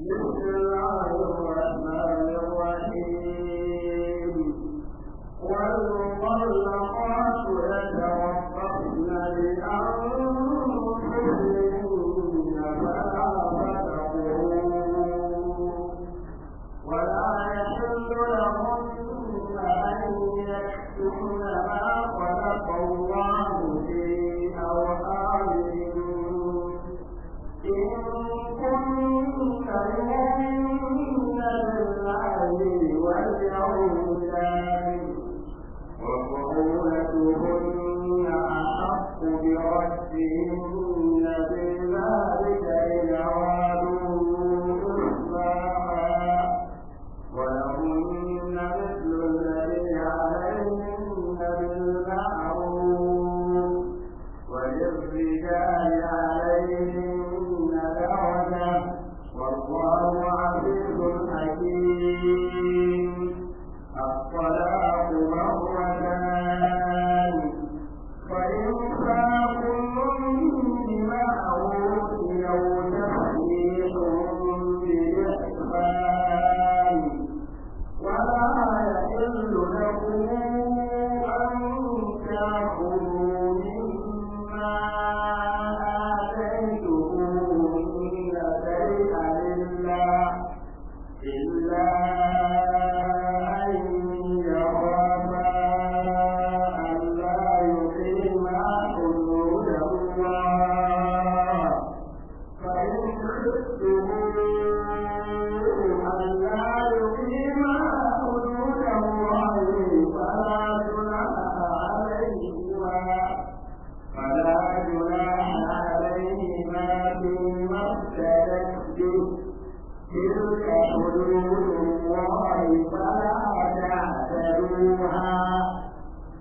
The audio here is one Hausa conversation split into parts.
eee ahụụwara na-arịwae heee re nwawa a a ụ به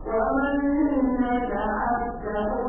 ومن يتعذب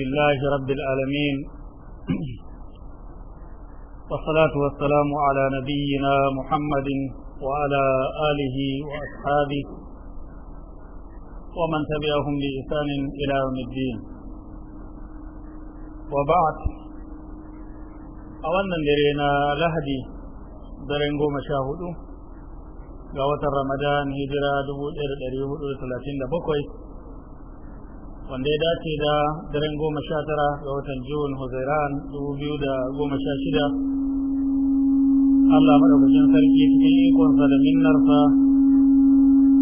لله رب العالمين والصلاة والسلام على نبينا محمد وعلى آله وأصحابه ومن تبعهم بإحسان إلى يوم الدين وبعد أولا لرينا لهدي درين قوم هجرة ga watan Ramadan hijira 1437 wanda ya dace da daren goma sha tara ga watan Jun Huzairan dubu biyu da goma sha shida Allah maɗaukacin sarki cikin ikonsa da minnarsa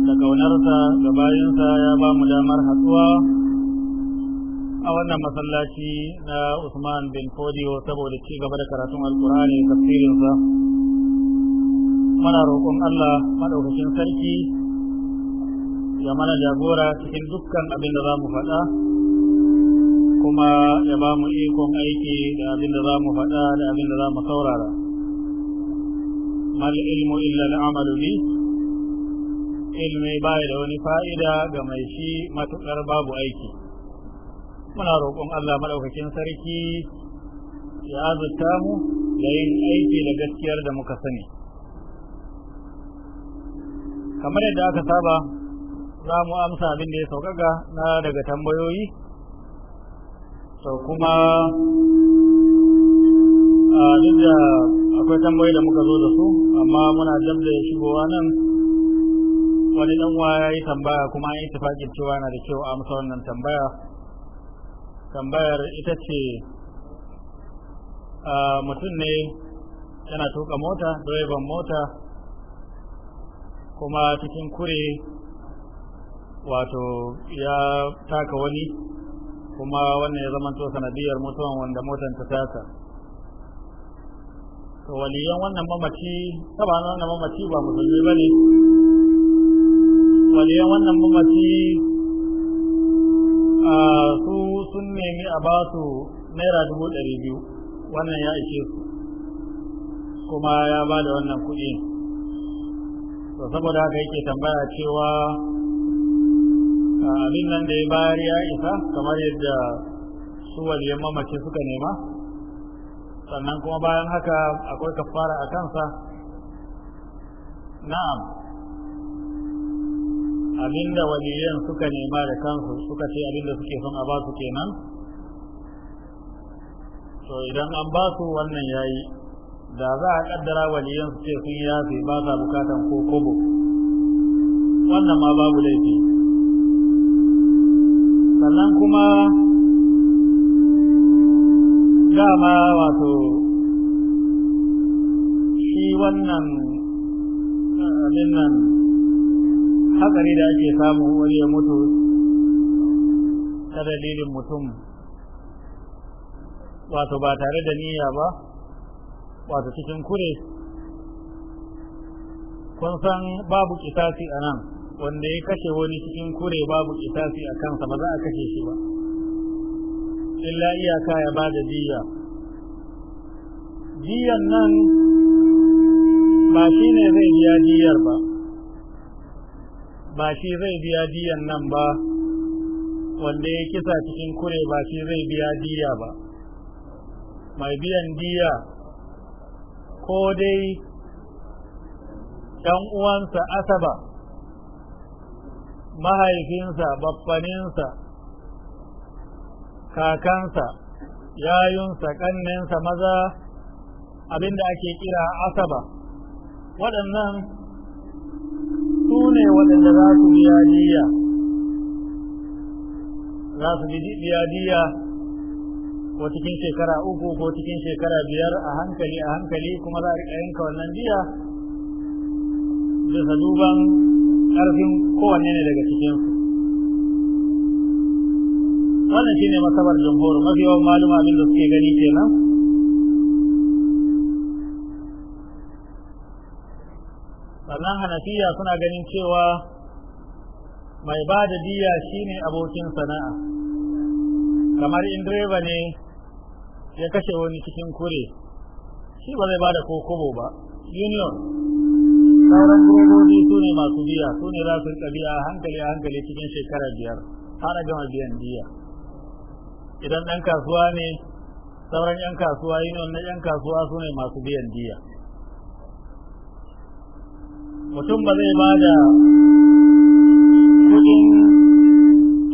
da ƙaunarsa ga bayansa ya ba mu damar hatsuwa a wannan masallaci na Usman bin Fodiyo saboda ci gaba da karatun Alkur'ani tafsirinsa mana roƙon Allah maɗaukacin sarki ya mana jagora cikin dukkan abin da za mu faɗa kuma ya ba mu ikon aiki da abin da za mu faɗa da abin da za mu saurara mal ilmu illa al'amalu bi ilmi baya da wani fa'ida ga mai shi matuƙar babu aiki muna roƙon Allah maɗaukakin sarki ya azurta mu da yin aiki da gaskiyar da muka sani kamar yadda aka saba za mu amsa abin da ya saukaka na daga tambayoyi to kuma a duk da akwai tambayoyi da muka zo da su amma muna jam da shigowa nan wani dan ya yi tambaya kuma an yi tafakin cewa na da kyau amsa wannan tambaya tambayar ita ce mutum ne yana tuka mota direban mota kuma cikin kure wato ya taka wani kuma wannan ya zama to sanadiyar mutuwan wanda motan ta taka to waliyan wannan mamaci saban wannan mamaci ba musulmi bane waliyan wannan mamaci a su sun nemi a ba su naira dubu ɗari biyu wannan ya ishe su kuma ya ba da wannan kuɗi to saboda haka yake tambaya cewa Ah, abin nan da ya bayar ya isa kamar yadda su waliyan mamaki suka nema sannan kuma bayan haka akwai kafara a kansa na'am abinda waliyan suka nema da kansu suka ce abinda suke son a ba su kenan to idan an ba su wannan yayi da za a kaddara waliyan su ce sun yafe ba sa bukatan ko kobo wannan ma babu laifi sannan kuma dama wato shi wannan eh, abin nan hatsari da ake samu wani ya mutu ta dalilin mutum wato ba tare da niyya ba wato cikin kure kun san babu kisasi a nan wanda ya kashe wani cikin kure babu kisasi a kansa ba za a kashe shi ba illa iyaka ya ba da jiya jiyan nan ba shi ne zai biya jiyar ba ba shi zai biya diyan nan ba wanda ya kisa cikin kure ba shi zai biya diya ba mai biyan diya ko dai ɗan uwansa asaba mahaifinsa babbaninsa kakansa yayunsa ƙannensa maza abinda ake kira asaba waɗannan su ne waɗanda za su yi diya za su biya diya ko cikin shekara uku ko cikin shekara biyar a hankali a hankali kuma za a riƙa yanka wannan diya da duban karfin kowanne ne daga cikinsu wannan shi ne masabar jamhur mafi yawan maluma abin da suke gani kenan sannan hanafiya suna ganin cewa mai ba da diya shi abokin sana'a kamar in direba ne ya kashe wani cikin kure shi ba zai ba da kokobo ba union sauran direbobi su ne masu biya su ne za su rika biya hankali hankali cikin shekara biyar har gama biyan biya idan ɗan kasuwa ne sauran yan kasuwa yi ne wannan yan kasuwa su ne masu biyan biya mutum ba zai ba da kudin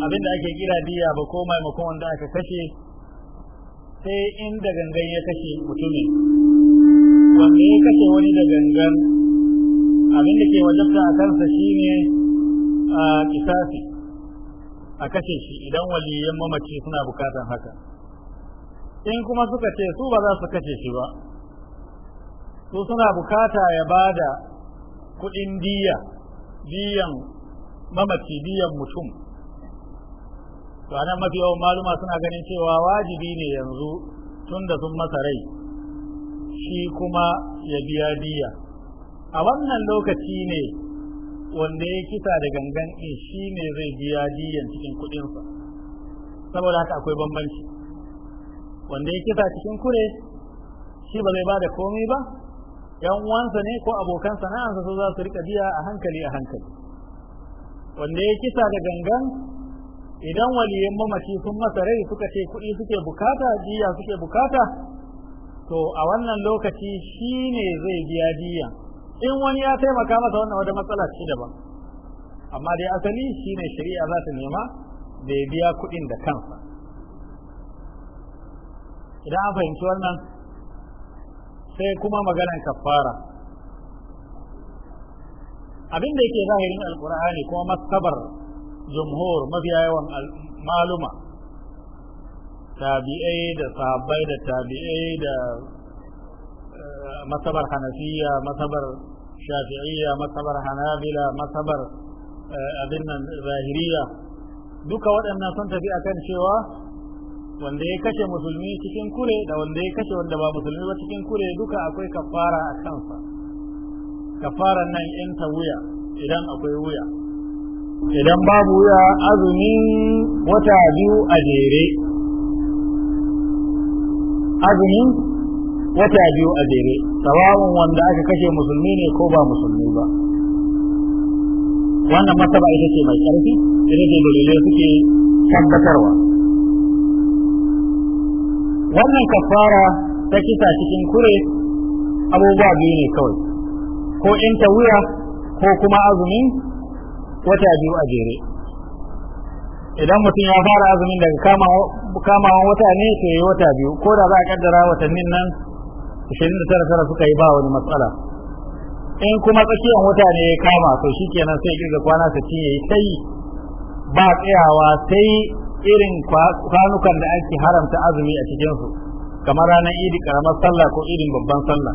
abin da ake kira biya ba ko maimakon wanda aka kashe sai inda gangan ya kashe mutumin wanda ya kashe wani da gangan abin da ke wajabta a kansa shine a kisafi a kashe shi idan waliyan mamaci suna bukatan haka in kuma suka ce su ba za su kashe shi ba su suna bukata ya ba da kuɗin diya diyan mamaci biyan mutum to anan mafi yawan maluma suna ganin cewa wajibi ne yanzu tun da sun masa rai shi kuma ya biya diya a wannan lokaci ne wanda ya kisa da gangan in shi ne zai biya diyan cikin kuɗinsa saboda haka akwai bambanci wanda ya kisa cikin kure shi ba zai ba da komai ba yan uwansa ne ko abokan sana'ansa su za su rika biya a hankali a hankali wanda ya kisa da gangan idan waliyan mamaci sun masa rai suka ce kuɗi suke bukata diya suke bukata to a wannan lokaci shi ne zai biya diyan in wani ya taimaka masa wannan wata matsala ce daban amma dai asali shine shari'a za ta nema da ya biya kuɗin da kansa idan an fahimci wannan sai kuma maganar kafara abin da yake zahirin alkur'ani kuma masabar jumhur mafiya yawan maluma tabi'ai da sahabbai da tabi'ai da masabar hanafiya masabar shafi'iyya masabar hanabila masabar abin nan zahiriya duka waɗannan sun tafi akan cewa wanda ya kashe musulmi cikin kure da wanda ya kashe wanda ba musulmi ba cikin kure duka akwai kafara a kansa kafaran nan in ta wuya idan akwai wuya idan babu wuya azumin wata biyu a jere azumin wata biyu a jere tsawon wanda aka kashe musulmi ne ko ba musulmi ba wannan masaba ita ce mai ƙarfi ita ce dalilai suke tabbatarwa wannan kafara ta kisa cikin kure abubuwa biyu ne kawai ko in ta wuya ko kuma azumin wata biyu a jere idan mutum ya fara azumin daga kamawan wata ne ke yi wata biyu ko da za a kaddara watannin nan ishirin da tara tara suka yi ba wani matsala in kuma tsakiyar wata ne ya kama to shi nan sai kirga kwana ta ya yi sai ba tsayawa sai irin kwanukan da ake haramta azumi a cikinsu kamar ranar idi karamar sallah ko irin babban sallah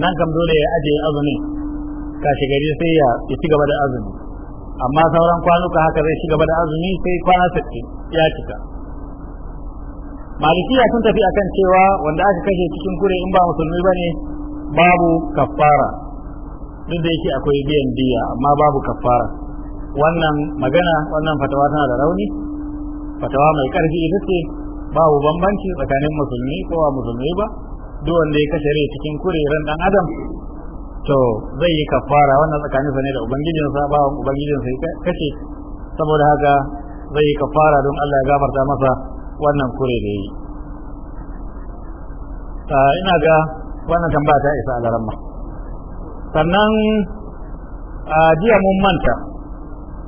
nan kam dole ya ajiye azumin kashi gari sai ya ci gaba da azumi amma sauran kwanuka haka zai ci gaba da azumi sai kwana sittin ya cika malikiya sun tafi akan cewa wanda aka kashe cikin kure in ba musulmi bane babu kafara duk da yake akwai biyan diya amma babu kafara wannan magana wannan fatawa tana da rauni fatawa mai karfi ita ce babu bambanci tsakanin musulmi ko ba musulmi ba duk wanda ya kashe rai cikin kure ran dan adam to zai yi kafara wannan tsakanin sa ne da ubangijinsa ba ubangijinsa ya kashe saboda haka zai yi kafara don Allah ya gafarta masa wannan kure da yi ah, ina ga wannan tambaya ta isa ma sannan a ah, jiya mun manta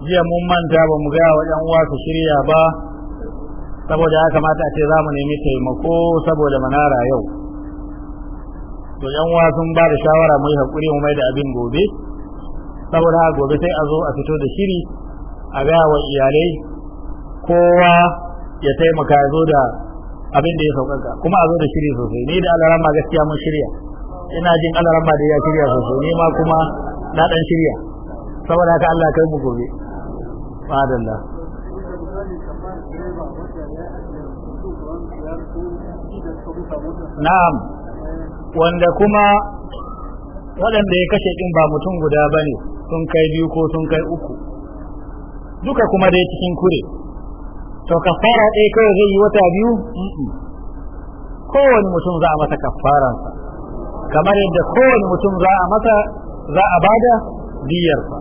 jiya mun manta ba mu gaya wa yan uwa su shirya ba saboda ya kamata a ce za mu nemi taimako saboda manara yau to yan uwa sun ba da shawara mu yi hakuri mu mai da abin gobe saboda gobe sai a zo a fito da shiri a gaya wa iyalai kowa ya taimaka ya zo da abin da ya sauƙaƙa kuma a zo da shiri sosai ni da alarama gaskiya mun shirya ina jin alarama da ya shirya sosai ni ma kuma na ɗan shirya saboda haka Allah kai mu gobe madalla na'am wanda kuma waɗanda ya kashe ɗin ba mutum guda ba ne sun kai biyu ko sun kai uku duka kuma dai cikin kure to kafara ɗaya kawai zai yi wata biyu kowane mutum za a masa kafaransa kamar yadda kowane mutum za a masa za a bada diyarsa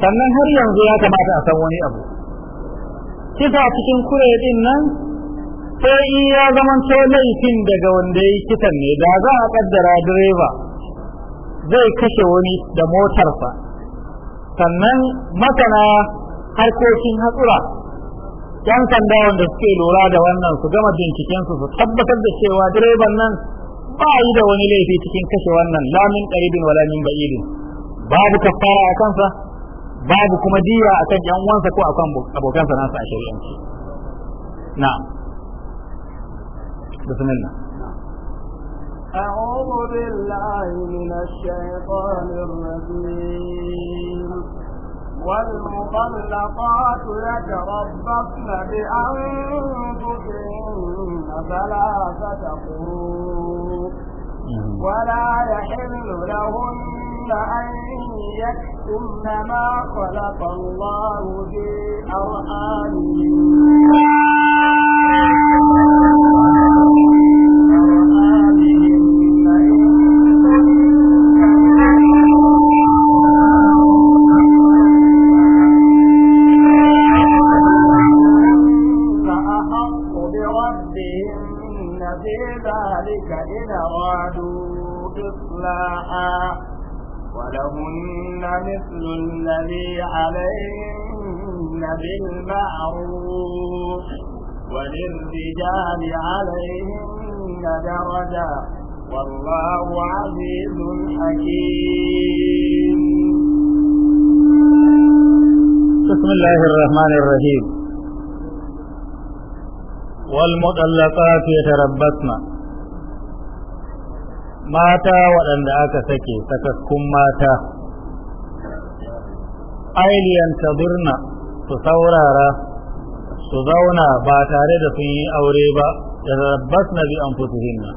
sannan har yanzu ya kamata a san wani abu kisa cikin kure din nan sai in ya zama to laifin daga wanda ya yi kisan ne da za a kaddara direba zai kashe wani da motarsa sannan masana harkokin hatsura yan sanda wanda suke lura da wannan su gama binciken su su tabbatar da cewa direban nan ba yi da wani laifi cikin kashe wannan lamin qaribin wala min ba'idin babu kafara a kansa babu kuma diya akan yan uwansa ko akan abokansa nasu a shari'anci na'am bismillah أعوذ بالله من الشيطان الرجيم والمطلقات يتربصن بأنفسهن ثلاثة قروء ولا يحل لهن أن يكتمن ما خلق الله في أرحامهن بالمعروف وللرجال عليهن درجة والله عزيز حكيم بسم الله الرحمن الرحيم والمطلقات يتربصن ماتا waɗanda aka sake sakakkun mata ailiyan taburna su saurara su zauna ba tare da sun yi aure ba da rabbas na bi an hinna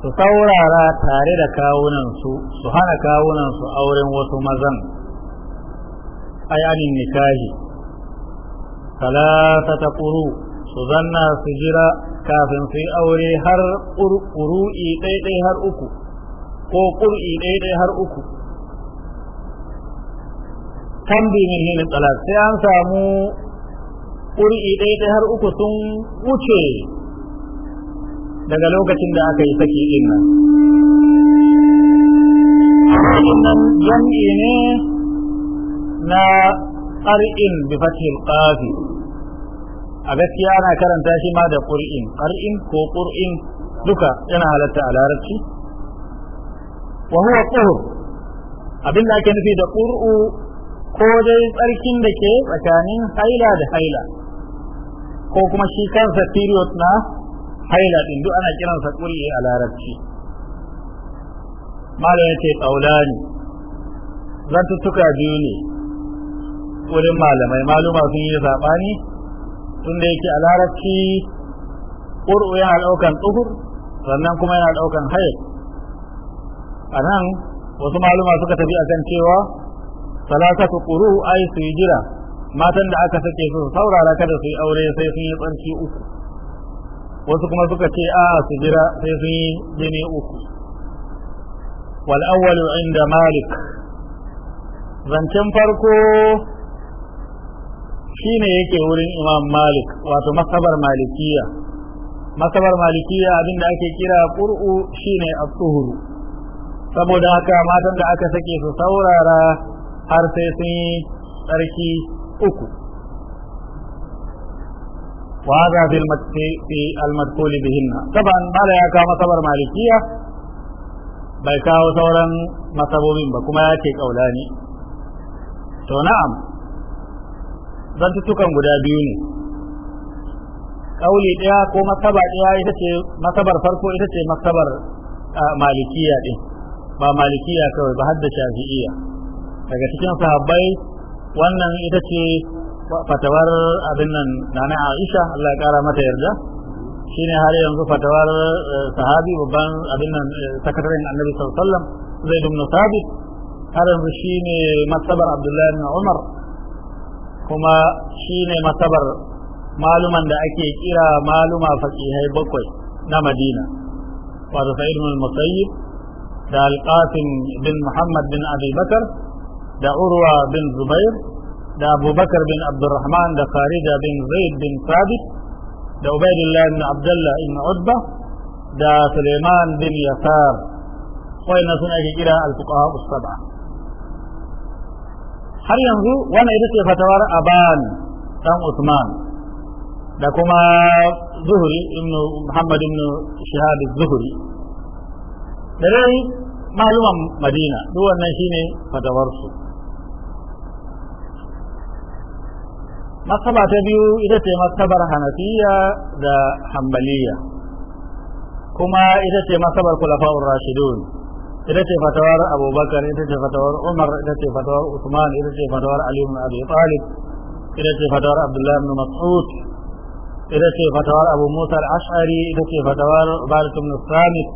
su saurara tare da kawunansu su hana kawunansu auren wasu mazan ayanin nikahi talata ta kuru su zanna su jira kafin su yi aure har ƙuru'i ɗaiɗai har uku ko ƙur'i ɗaiɗai har uku tambinihi min talaq sai an samu ƙuri'i ɗaya ta har uku sun wuce daga lokacin da aka yi saki ɗin nan nan jam'i ne na ƙar'in bi fathil qafi a gaskiya ana karanta shi ma da ƙur'in ƙar'in ko ƙur'in duka yana halatta a larabci wa huwa abin da ake nufi da ƙur'u ko dai tsarkin da ke tsakanin haila da haila ko kuma shi kansa period na haila din duk ana kiransa kulli a larabci malam yace zan tuttuka biyu ne wurin malamai maluma sun yi tun da yake a larabci ƙur'u yana ɗaukan tsuhur sannan kuma yana ɗaukan hayar a nan wasu maluma suka tafi a kan cewa salasatu quru ai su yi jira matan da aka sake su saurara kada su yi aure sai sun yi tsarki uku wasu kuma suka ce a su jira sai sun yi jini uku wal awwalu inda malik zancen farko shine yake wurin imam malik wato masabar malikiya masabar malikiya abinda ake kira qur'u shine as-suhur saboda haka matan da aka sake su saurara har sai sun yi tsarki uku wa hadha fil fi al madkhul bihinna taban bala ya kawo masabar malikiya bai kawo sauran masabobin ba kuma ya ce kaulani to na'am tukan guda biyu ne kauli ɗaya ko masaba ɗaya ita ce masabar farko ita ce masabar malikiya ɗin ba malikiya kawai ba har shafi'iyya daga cikin sahabbai wannan ita ce fatawar abin nan da na Aisha Allah ya kara mata yarda shine har yanzu fatawar eh, sahabi babban abin nan eh, sakataren Annabi sallallahu alaihi wasallam Zaid ibn Thabit har yanzu shine masabar Abdullahi ibn Umar kuma shine masabar maluman da ake kira maluma faqihai bakwai na Madina wato Sa'id ibn Musayyib da Al-Qasim bin Muhammad bin Abi Bakar دا عروة بن زبير دا أبو بكر بن عبد الرحمن دا خارجة بن زيد بن ثابت دا عبيد الله بن عبد الله بن عتبة دا سليمان بن يسار خوينا سنة إلى الفقهاء السبعة هل ينظر وانا إذا فتوار أبان أم عثمان دا كما زهري ابن محمد بن شهاد الزهري دا ليه معلومة مدينة دوان نشيني فتوارسو masaba ta biyu ita ce masabar hanafiya da hambaliya kuma ita ce masabar kulafa'ur rashidun ita ce fatawar abubakar ita ce fatawar umar ita ce fatawar usman ita ce fatawar ali ibn abi talib ita ce fatawar abdullah ibn mas'ud ita ce fatawar abu musa al-ash'ari ita ce fatawar barik ibn samit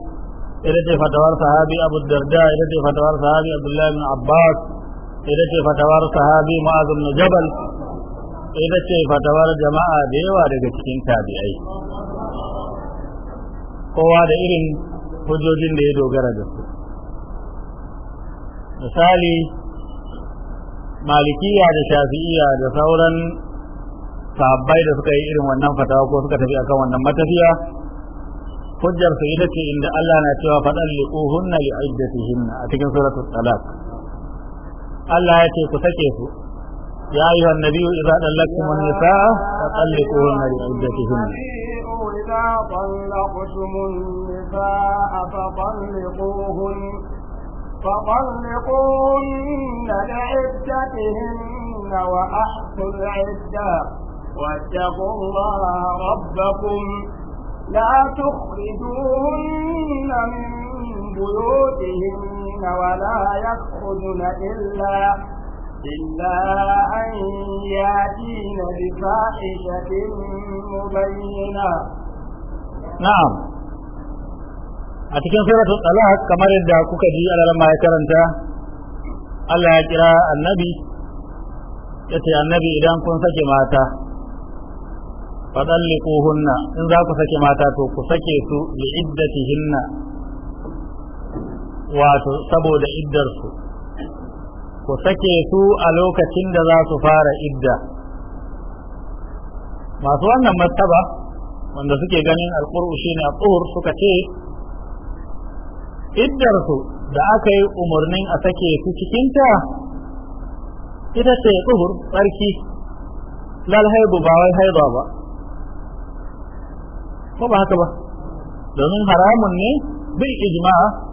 ita ce fatawar sahabi abu darda ita ce fatawar sahabi abdullah ibn abbas ita ce fatawar sahabi mu'az ibn jabal ita ce fatawar jama'a da yawa daga cikin tabi'ai kowa da irin hujjojin da ya dogara da su misali malikiya da shafi'iya da sauran sabbai da suka yi irin wannan fatawa ko suka tafi akan wannan matafiya hujjar su ita ce inda Allah na cewa faɗan liquhunna li a cikin suratul talaq Allah ya ce ku sake su يا أيها النبي إذا طلقتم النساء فطلقوهن لعدتهن إذا طلقتم النساء فطلقوهن فطلقوهن لعدتهن وأحصوا العدة واتقوا الله ربكم لا تخرجوهن من بيوتهن ولا يخرجن إلا إلا أن يأتين بفاحشة مبينة نعم a cikin suratul talaq kamar yadda kuka ji alalama ya karanta Allah ya kira annabi ya ce annabi idan kun sake mata fadallikuhunna in za ku sake mata to ku sake su li iddatihinna wato saboda iddarsu ku sake su a lokacin da za su fara idda masu wannan martaba wanda suke ganin alƙur'u shine a suka ce iddarsu da aka yi umarnin a sake su cikinta ita ce tsuhur tsarki lal haibu ba wai ba ko ba haka ba domin haramun ne bil ijma'a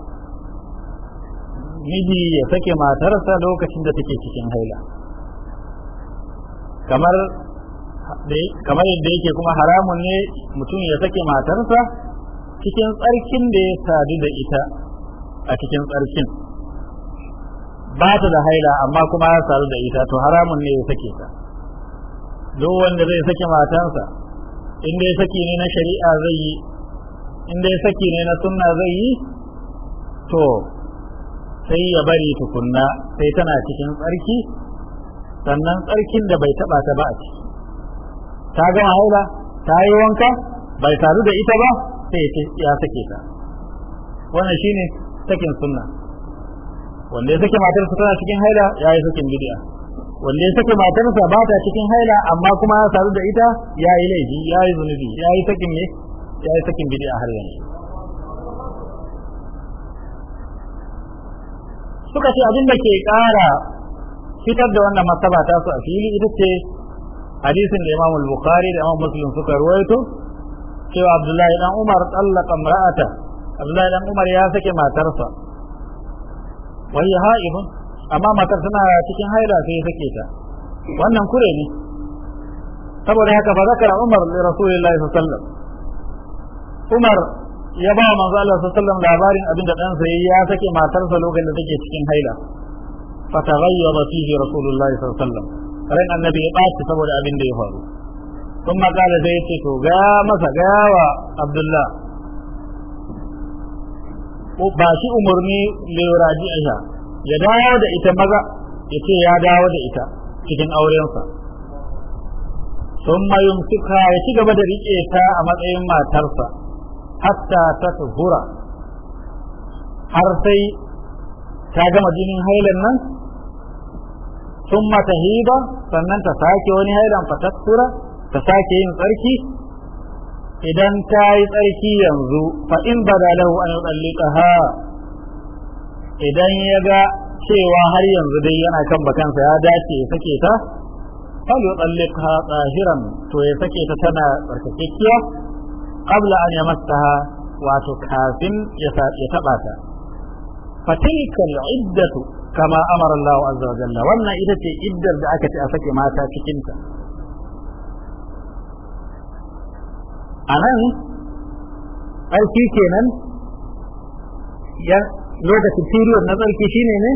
miji ya sake matarsa lokacin da take cikin haila kamar kamar yadda yake kuma haramun ne mutum ya sake matarsa cikin tsarkin da ya sadu da ita a cikin tsarkin ba ta da haila amma kuma ya sadu da ita to haramun ne ya sake ta duk wanda zai sake matansa inda ya sake ne na shari'a zai yi inda ya sake ne na sunna zai yi to sai ya bari tukunna sai tana cikin tsarki sannan tsarkin da bai taba ta ba a ciki ta gama haula ta yi wanka bai taru da ita ba sai ya sake ta wannan shine sakin sunna wanda ya sake matarsa tana cikin haila ya yi sakin bid'a wanda ya sake matarsa ba ta cikin haila amma kuma ya taru da ita ya yi laifi ya yi zunubi ya yi sakin ne ya yi sakin bid'a har yanzu suka ce abin da ke ƙara fitar da wannan martaba ta su a fili ita ce hadisin da Imam Bukhari da Imam Muslim suka ruwaito cewa Abdullahi dan Umar tsallaka mar'ata Abdullahi dan Umar ya sake matarsa wai ya ha'ibun amma matar tana cikin haila sai ya sake ta wannan kure ne saboda haka fa zakara Umar li Rasulillahi sallallahu alaihi wasallam Umar ya ba manzo Allah sallallahu alaihi labarin abin da ɗansa yi ya sake matarsa lokacin da take cikin haila fataghayyaba fihi rasulullahi sallallahu alaihi wasallam ran annabi ya baci saboda abin da ya faru kuma kala sai yace to ga masa ga wa Abdullah ko ba shi umurni liraji aisha ya dawo da ita maza yace ya dawo da ita cikin aurensa sun mayun suka ya ci gaba da riƙe ta a matsayin matarsa hatta tathura har sai ta gama jinin hailan nan summa hiba sannan ta sake wani hailan fatathura ta sake yin tsarki idan ta yi tsarki yanzu fa in bada lahu an tsallikaha idan ya ga cewa har yanzu dai yana kan bakansa ya dace ya sake ta fal yutalliqha tsahiran to ya sake ta tana tsarkakekkiya قبل أن يمسها وتكافن يتباتا فتلك العدة كما أمر الله عز وجل وأن إذا تعدى ذاك تأفك ما تاكتنت أنا أي كينا يا لوجه تبتيري والنظر في شيني ني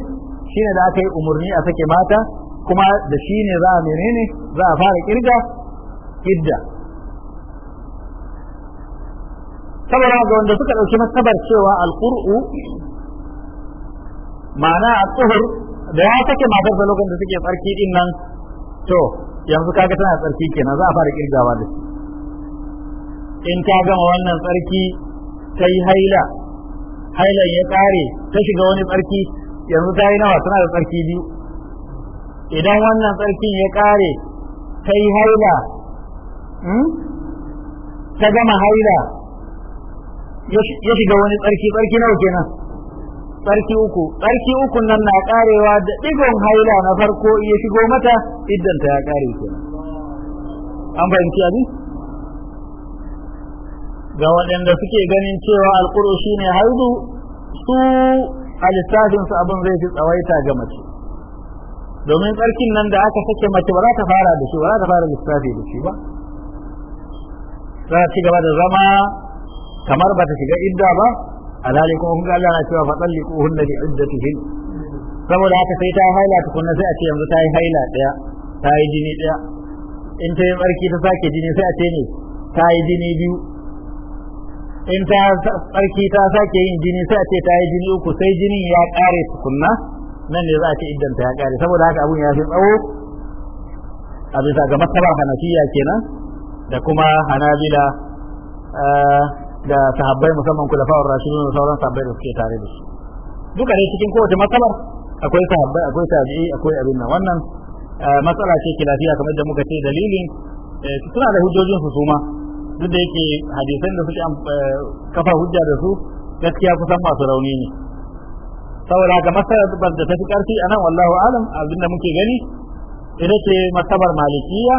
شيني ذاك أمرني أفك ماتا كما دشيني ذا منيني ذا فارق إرجع إدّا saboda ga wanda suka ɗauki masabar cewa alƙur'u ma'ana a tsohur da ya sake matar da lokacin da suke tsarki din nan to yanzu kaga tana tsarki kenan za a fara kirgawa da shi in ta gama wannan tsarki ta yi haila hailan ya ƙare ta shiga wani tsarki yanzu ta yi nawa tana da tsarki biyu idan wannan tsarkin ya ƙare ta yi haila hmm? ta gama haila ya shiga wani tsarki tsarki nawa kenan tsarki uku tsarki uku nan na karewa da digon haila na farko ya shigo mata idan ta ya kare kenan an fahimci abin ga waɗanda suke ganin cewa alƙuru shine haidu su a lissafinsu abin zai fi tsawaita ga mace domin tsarkin nan da aka sake mace ba za ta fara da shi ba za ta fara lissafi da shi ba za ta ci gaba da zama kamar ba ta shiga idda ba alhali kuma kun Allah na cewa fatalliquhunna bi iddatihin saboda haka sai ta yi haila tukunna sai a ce yanzu ta yi haila daya ta yi jini daya in ta yi tsarki ta sake jini sai a ce ne ta yi jini biyu in ta tsarki ta sake yin jini sai a ce ta yi jini uku sai jinin ya kare tukunna nan ne za a ce iddanta ya kare saboda haka abun ya fi tsawo a bisa ga matsalar hanafiya kenan da kuma hanabila eh, da sahabbai musamman kulafa'ur rashidun da sauran sahabbai da suke tare da su duka ne cikin kowace matsalar akwai sahabbai akwai tabi'i akwai abin nan wannan eh, matsala ce kilafiya kamar da muka ce dalilin eh, suna da hujjojin su suma duk da yake hadisan da suke eh, kafa hujja da su gaskiya kusan masu rauni ne saboda haka matsalar da ta fi karfi anan wallahu alam abinda muke gani ita ce matsalar malikiya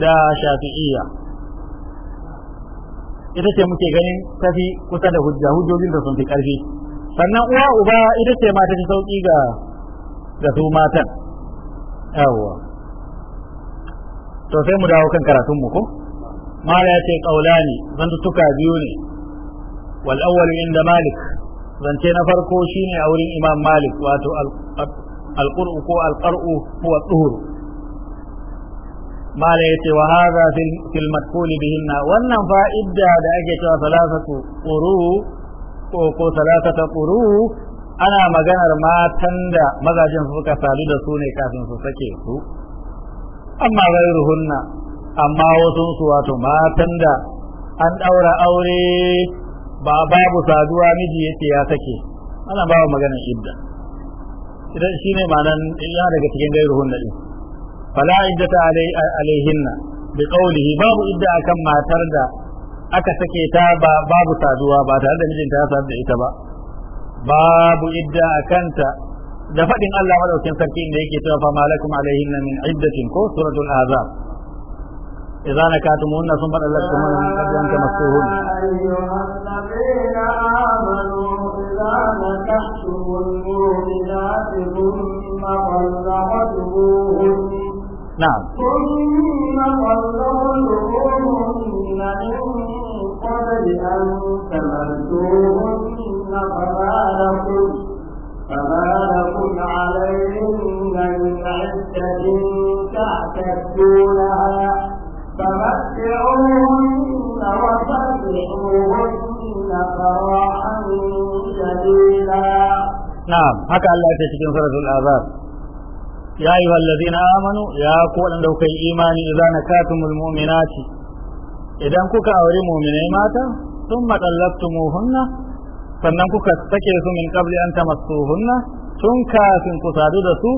da shafi'iyya ita ce muke ganin tafi kusa da hujja hujjojin da sun fi karfi sannan uwa uba ita ce ma tafi sauki ga ga su matan yawwa to sai mu dawo kan karatun mu ko mala ya ce zan zantuka biyu ne wal awwal inda malik zance na farko shine a wurin imam malik wato al-qur'u ko al-qar'u huwa tuhuru malai yace wa hadha fil fil madkhul bihinna wannan fa'idda da ake cewa salasatu quru ko ko salasatu quru ana maganar matan da mazajin suka sadu da su ne kafin su sake su amma gairuhunna amma wasu su wato matan da an daura aure ba babu saduwa miji yace ya sake ana ba maganar idda idan shine ma'anan illa daga cikin gairuhunna din fala iddata alaihinna bi qawlihi babu idda akan matar da aka sake ta ba babu saduwa ba tare da mijinta ya sadu da ita ba babu idda akanta da fadin Allah madaukin sarki inda yake cewa fa malakum alaihinna min iddatin ko suratul azab إذا نكاتموهن ثم طلقتموهن من قبل أن تمسوهن أيها الذين آمنوا إذا نكحتم المؤمنات ثم طلقتموهن نعم ثم طلقتموهن من قبل أن تمسوهن فما لكم فما لكم عليهن من عدة تعتدونها فمتعوهن وسرحوهن سراحا جميلا نعم هكذا الله يتشكي سورة الآذار ya yi na amanu ya ku waɗanda kuka yi imani idza nakatumul mu'minati idan kuka auri mu'minai mata sun matsallattumuhunna sannan kuka sake su min qabli an tamassuhunna tun kafin ku sadu da su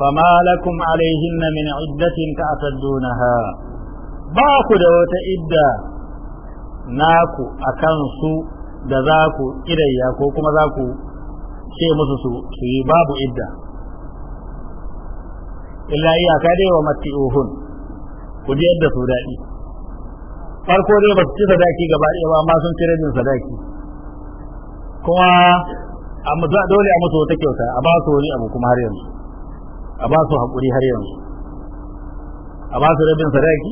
fama lakum alaihinna min iddatin ta'taddunaha ba ku da wata idda naku a kansu da za ku idayya ko kuma za ku ce musu su yi babu idda illa iyaka dai wa mati'uhun ku biyar da su daɗi farko dai ba su ci sadaki gaba ɗaya ba amma sun ci rabin sadaki kuma a dole a musu wata kyauta a ba su wani abu kuma har yanzu a ba su haƙuri har yanzu a ba su rabin sadaki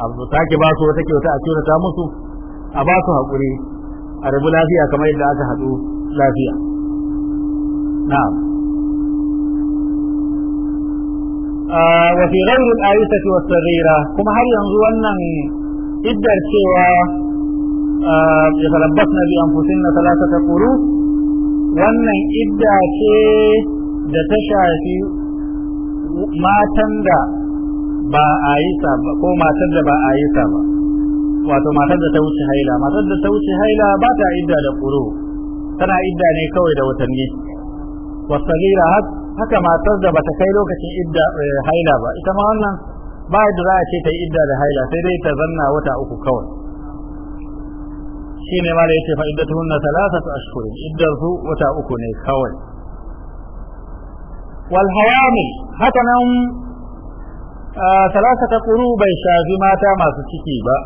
a sake ba su wata kyauta a kyautata musu a ba su haƙuri a rabu lafiya kamar yadda aka haɗu lafiya na'am wafi gairu ƙarisa ce wasu rera kuma har yanzu wannan iddar cewa ya tarabbas na biyan fusin na talata ta kuru wannan idda ce da ta shafi matan da ba a yi ba ko matan da ba a yi ba wato matan da ta wuce haila matan da ta wuce haila ba ta idda da kuru tana idda ne kawai da watanni wasu rera haka matar da bata kai lokacin idda eh, haila ba ita ma wannan ba da za a ce ta idda da haila sai dai ta zanna wata uku kawai shi ne ma da ya ce fa'iddatuhunna salasatu ashhurin iddar su wata uku ne kawai wal hawami haka nan salasata quru bai shafi mata masu ciki ba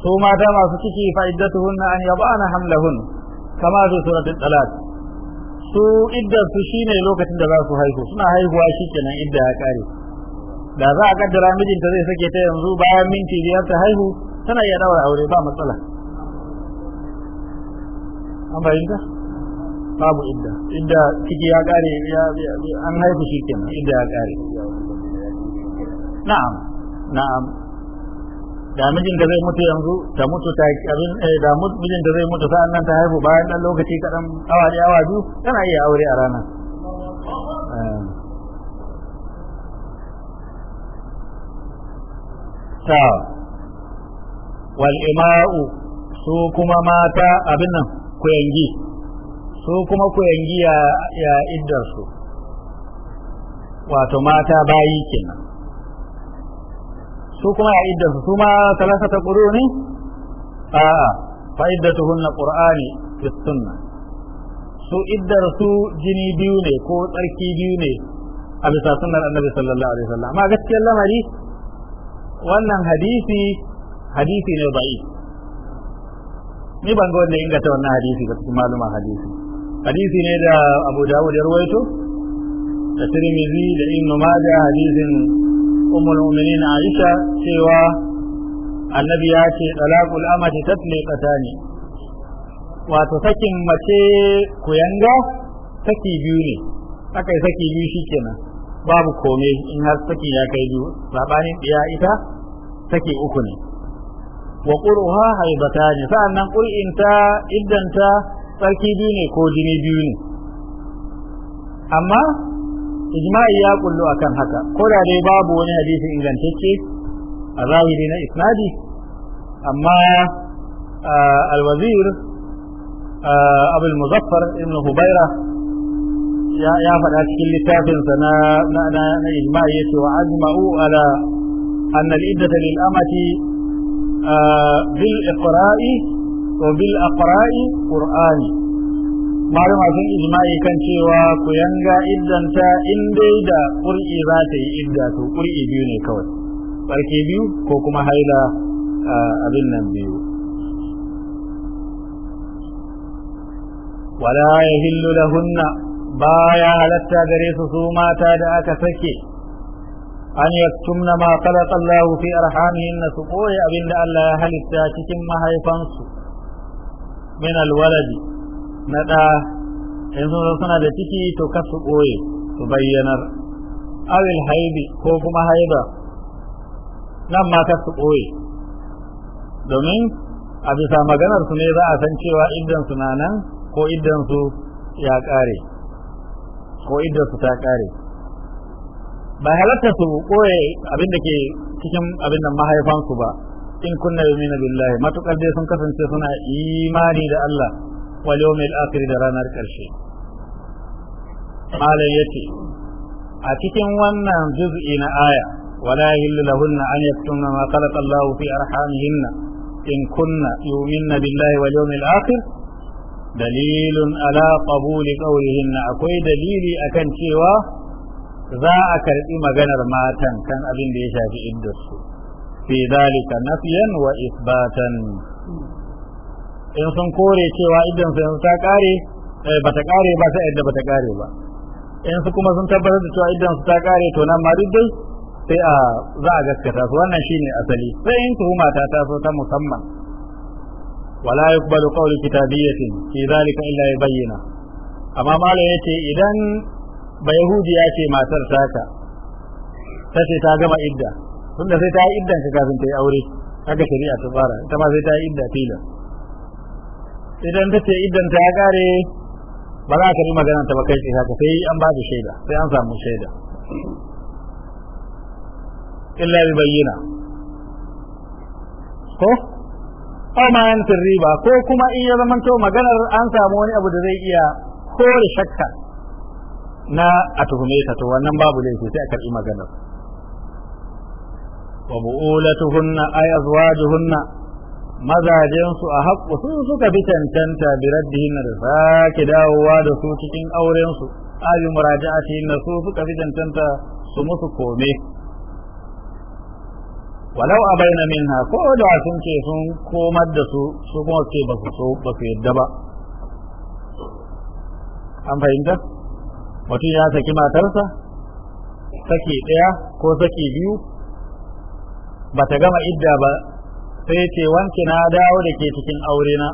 su mata masu ciki fa'iddatuhunna an yabana hamlahun kama su suratul talaq su iddar su shine lokacin da za su haihu suna haihuwa shikenan idda ya kare da za a kaddara mijinta zai sake ta yanzu bayan minti biyar ta haihu tana iya daura aure ba matsala an da babu idda idda ciki ya kare an haihu shikenan idda ya kare na'am na'am da mijin da zai mutu yanzu ta mutu ta abin eh, da mijin da zai mutu sa'an nan ta haihu bayan dan lokaci kaɗan awa da awa biyu tana iya aure a rana eh. ta wal ima'u su kuma mata abin nan kuyangi su kuma kuyangi ya iddar su wato mata bayi kenan su kuma ya idda su ma salasata quruni a fa'idda iddatuhunna qur'ani fi sunna su iddar su jini biyu ne ko tsarki biyu ne a bisa sunnar annabi sallallahu alaihi wasallam amma gaskiyar lamari wannan hadisi hadisi ne ba'i ni ban ga wanda inganta wannan hadisi ga cikin maluma hadisi hadisi ne da Abu Dawud ya rawaito da Tirmidhi da Ibn Majah hadisin ummul mu'minin Aisha cewa annabi ya ce talaqul amati tatliqatani wato sakin mace kuyanga saki biyu ne aka yi saki biyu shikenan babu komai in har saki ya kai biyu sabanin ya ita saki uku ne wa qur'uha haibatani sa'annan qur'inta iddanta sarki biyu ne ko jini biyu ne amma ijma'i ya kullu akan haka ko da dai babu wani hadisi ingantacce a zahiri na isnadi amma alwazir abul muzaffar ibn hubaira ya faɗa cikin littafinsa na na ijma'i yace wa ajma'u ala أن الإدة wa بالإقراء وبالأقراء قرآن malama sun ijma'i kan cewa ku yanga iddanta in dai da ƙur'i za ta yi idda to ƙur'i biyu ne kawai tsarki biyu ko kuma haila abin nan biyu wala yahillu lahunna baya halatta gare su su mata da aka sake an yaktumna ma khalaqa Allahu fi arhamihin su abin abinda Allah ya halitta cikin mahaifansu min alwaladi na ɗa yanzu suna da ciki to kasu ɓoye su bayyanar awil haibi ko kuma haiba nan ma kasu ɓoye domin a bisa maganar su ne za a san cewa idan su na nan ko idan su ya ƙare ko idan su ta ƙare ba halatta su ɓoye abin da ke cikin abin nan mahaifansu ba in kunna yumina billahi matukar dai sun kasance suna imani da Allah wal yawmil da ranar karshe ya ce a cikin wannan juz'i na aya wala yahillu lahunna an yaktumna ma khalaqa Allahu fi arhamihinna in kunna yu'minna billahi wal yawmil akhir dalilun ala qabuli qawlihinna akwai dalili akan cewa za a karbi maganar matan kan abin da ya shafi iddarsu fi dalika nafyan wa isbatan in sun kore cewa idan sun yanzu ta kare eh, ba ta kare ba sai yadda ba ta kare ba in su kuma sun tabbatar da cewa idan su ta kare to nan ma duk dai sai a za a gaskata su wannan shine asali sai in tuhuma ta taso ta musamman wala yuqbalu qawlu kitabiyatin fi zalika illa yubayyana amma malam yace idan bai ya ce matar taka ta ce ta gama idda tunda sai ta yi iddan ka kafin ta yi aure kaga shari'a ta fara ita ma sai ta yi idda tilas idan ta ce idan ta kare ba za ka bi magana ta ba kai haka sai an ba da shaida sai an samu shaida illa bi bayyana ko a ma yan riba ko kuma in ya zamanto maganar an samu wani abu da zai iya kore shakka na a tuhume ta to wannan babu laifi sai a karbi maganar wa bu'ulatuhunna ay azwajuhunna mazajensu a haƙƙu su suka fi cancanta bi raddihin da sake dawowa da su cikin aurensu abi muraja'atihin na su suka fi cancanta su musu kome walau a min minha ko da sun ce sun komar da su su kuma ce ba su so ba su yadda ba an fahimta mutum ya saki matarsa saki ɗaya ko saki biyu ba ta gama idda ba sai ce wanke na dawo da ke cikin aure na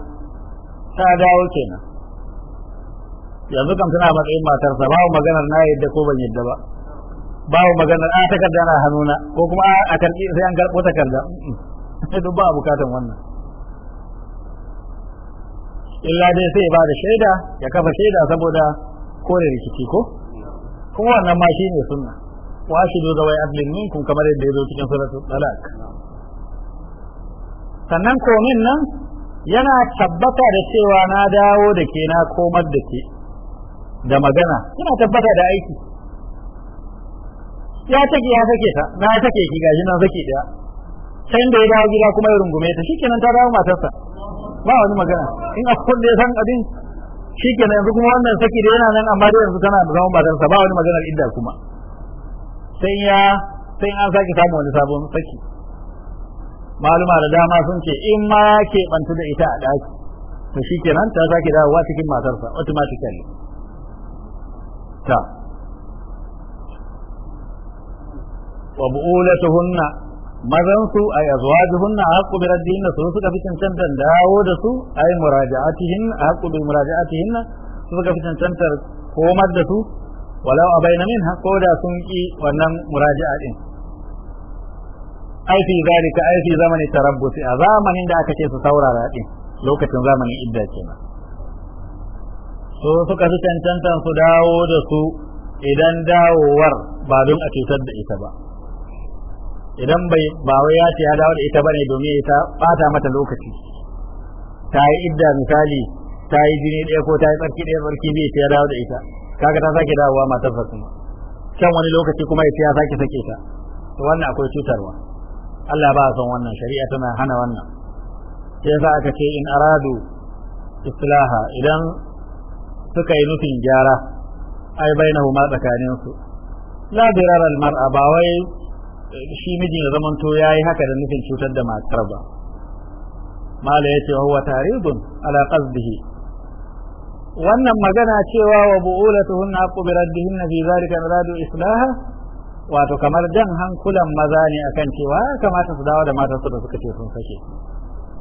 ta dawo kenan yanzu kam tana matsayin matarsa babu maganar na yadda ko ban yadda ba babu maganar a ah, takarda na hannuna ko kuma ah, a karbi sai an karbo takarda duk ba bukatan wannan illa dai sai ba da shaida ya kafa shaida saboda kore rikici ko kuma wannan ma shi shine sunna washidu wai adlin minkum kamar yadda ya zo cikin suratul talaq sannan komin nan yana tabbata da cewa na dawo da ke na komar da ke da magana yana tabbata da aiki ya take ya sake ta na take ki gaji nan sake ta sai da ya dawo gida kuma ya rungume ta shikenan ta dawo matarsa ba wani magana in a kullum ya san abin shikenan yanzu kuma wannan saki da yana nan amma da yanzu tana da zaman matarsa ba wani maganar idda kuma sai ya sai an sake samu wani sabon saki maluma da dama sun ce in ma ya keɓantu da ita a ɗaki to shi kenan ta sake dawowa cikin matarsa automatically ta wa bu'ulatuhunna mazan su ay azwajuhunna haqqu bi raddihinna su suka fi cancantar dawo da su ay muraja'atihin haqqu bi muraja'atihinna su suka fi cancantar komar da su walau abaina minha ko da sun ki wannan muraja'a din ai fi zalika ai zamanin tarabbusi a zamanin da aka ce su saurara din lokacin zamanin idda kenan so suka su cancantan su dawo da su idan dawowar ba don a cutar da ita ba idan bai ba wai ya ce ya dawo da ita ba ne domin ita bata mata lokaci ta yi idda misali ta yi jini ɗaya ko ta yi tsarki ɗaya tsarki biyu ce ya dawo da ita kaga ta sake dawowa matar kuma can wani lokaci kuma ya ce ya sake sake ta wannan akwai cutarwa Allah ba son wannan shari'a tana hana wannan sai za aka ce in aradu islaha idan suka yi nufin gyara ai bainahuma tsakanin su la dirar al mar'a ba wai shi miji ya zamanto yayi haka da nufin cutar da matar ba mala yace huwa taridun ala qasdihi wannan magana cewa wa bu'ulatuhunna aqu bi raddihinna fi zalika radu islaha wato kamar jan hankulan maza ne akan cewa ya kamata su dawo da su da suka ce sun sake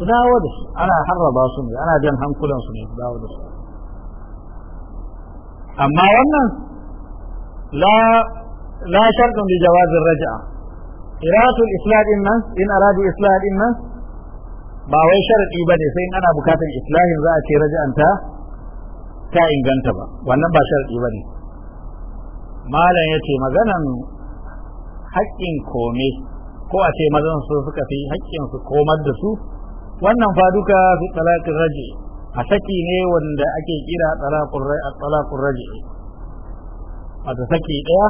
su dawo da su ana harraba su ne ana jan hankulan su ne su dawo da su amma wannan la la shartun bi jawazin raja'a iratul islah nan in aradu islah din nan ba wai sharadi ne sai in ana bukatar islahin za a ce raja'anta ta inganta ba wannan ba sharadi ne. malam ya ce maganan haƙƙin kome ko a ce mazan su suka fi haƙƙin su komar da su wannan faduka su fi talakin raji a saki ne wanda ake kira talakun raji ta saki ɗaya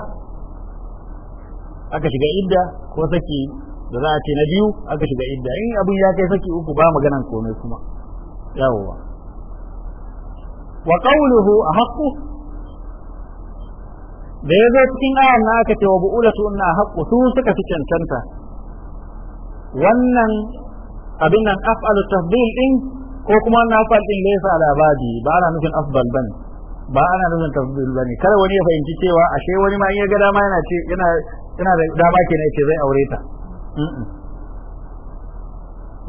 aka shiga idda ko saki da za a ce na biyu aka shiga idda in abin ya kai saki uku ba maganan komai kuma yawwa wa qawluhu ahqqu da ya zo cikin ayan na aka ce wa su na haƙƙo, su suka fi cancanta wannan abin nan af'alu tafdil din ko kuma wannan af'al din laysa ala badi ba ana nufin afdal ban ba ana nufin tafdil bane kada wani ya fahimci cewa ashe wani ma in ya ga dama yana ce yana yana da dama kenan yace zai aure ta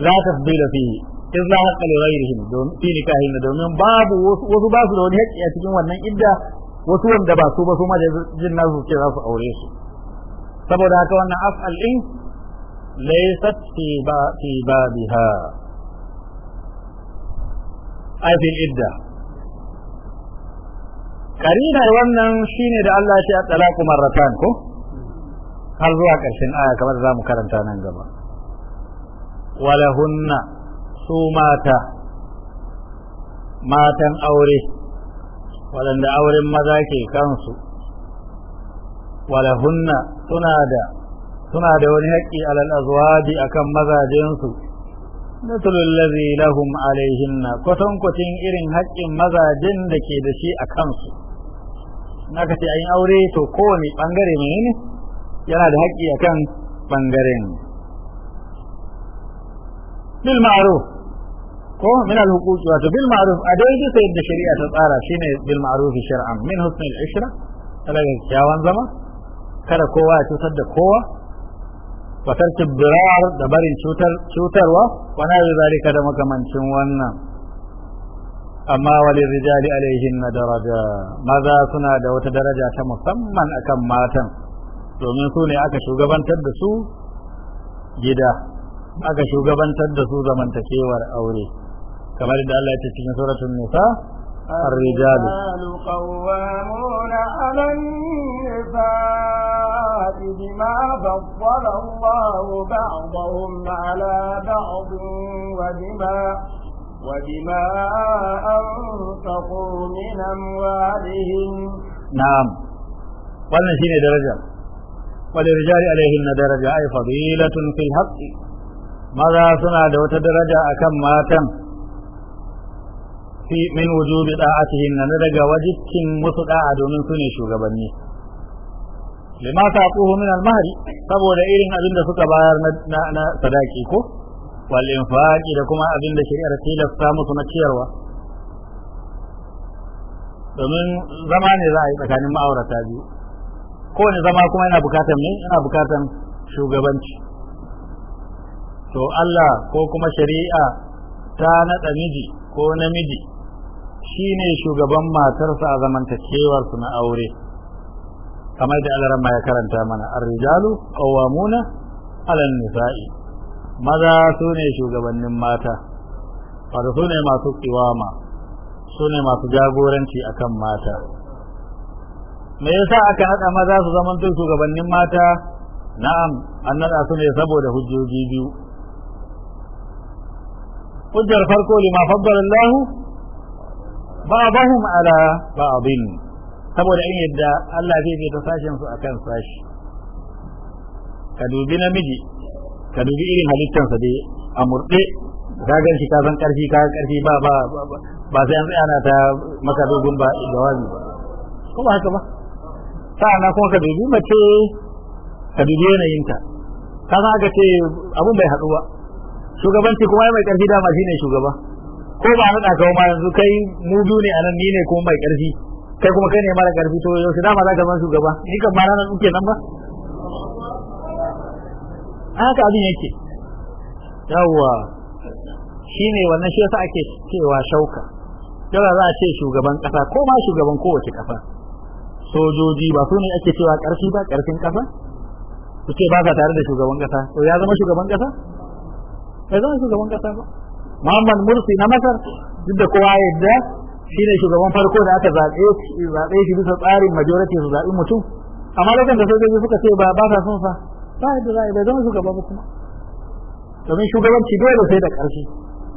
la tafdila fihi in za haƙa da rairihim fi nikahin domin babu wasu ba su da wani haƙƙi a cikin wannan idda wasu wanda ba su ba su ma da jin nasu ke za su aure su saboda haka wannan af'al in laysat fi ba fi babiha ai fil idda karinar wannan shine da Allah ya ce at-talaqu marratan ko har zuwa ƙarshen aya kamar za mu karanta nan gaba walahunna su mata matan aure waɗanda auren maza ke kansu walahunna suna da suna da wani haƙƙi alal azwaji akan mazajensu mithlul ladhi lahum alaihinna kwatan kwatin irin haƙƙin mazajen da ke da shi a kansu naka ce ayin aure to kowane mai ne yana da haƙƙi akan ɓangaren. bil ma'ruf ko min al huquqi wato bil ma'ruf a dai yadda shari'a ta tsara shine bil ma'ruf shar'an min husni al ishra daga zama kada kowa ya cutar da kowa wa tarki birar da barin cutarwa wa na yi zalika da makamancin wannan amma walin rijali alaihin na daraja maza suna da wata daraja ta musamman akan matan domin su ne aka shugabantar da su gida aka shugabantar da su zamantakewar aure kamar da Allah ya ce cikin suratul nisa الرجال قوامون على النساء بما فضل الله بعضهم على بعض وبما وبما أنفقوا من أموالهم نعم wannan shine daraja walil rijali alaihim daraja ay fadilatun fil haqq maza suna da wata daraja akan matan min wujubi da'atihim na daga wajibcin musu da'a domin su ne shugabanni lima taquhu min al-mahri saboda irin abin da suka bayar na na sadaki ko wal infaqi da kuma abin da shari'ar tilasta musu na ciyarwa domin zama ne za a yi tsakanin ma'aurata biyu kowane zama kuma yana bukatar ne yana bukatar shugabanci to Allah ko kuma shari'a ta naɗa miji ko namiji shine shugaban matarsa a zamantakewar su na aure kamar da ma ya karanta mana ar-rijalu qawwamuna 'ala nisa'i maza su ne shugabannin mata wato su ne masu kiwama su ne masu jagoranci akan mata me yasa aka haɗa maza su zaman shugabannin mata na'am an naɗa su ne saboda hujjoji biyu hujjar farko lima faddala Allahu ba'dahum ala ba'din saboda in yadda Allah zai yi ta sashen su akan sashi ka dubi namiji ka dubi irin sa dai a murɗe ka ga shi ka san karfi ka karfi ba ba ba sai an tsaya ta maka dogon ba jawabi wani ko ba haka ba sa'ana kuma ka dubi mace ka dubi yanayinta ka san aka ce abun bai haɗu ba shugabanci kuma mai karfi dama shine shugaba ko ba nada ka ma yanzu kai mu biyu ne anan ni ne kuma mai karfi kai kuma kai ne mara karfi to yau sai dama za ka ban shugaba ni kan ba nan uke nan ba haka abin yake yawwa shine wannan shi yasa ake cewa shauka yau za a ce shugaban kasa ko ma shugaban kowace kasa sojoji ba su ne ake cewa karfi ba karfin kasa su ce ba sa tare da shugaban kasa to ya zama shugaban kasa ya zama shugaban kasa ba Muhammad Mursi na Masar duk da kowa yadda shi ne shugaban farko da aka zaɓe zaɓe shi bisa tsarin majority su zaɓi mutum amma lokacin da sojoji suka ce ba ba sa son sa ba yadda za a bai zama shugaba ba kuma domin shugabanci dole sai da ƙarfi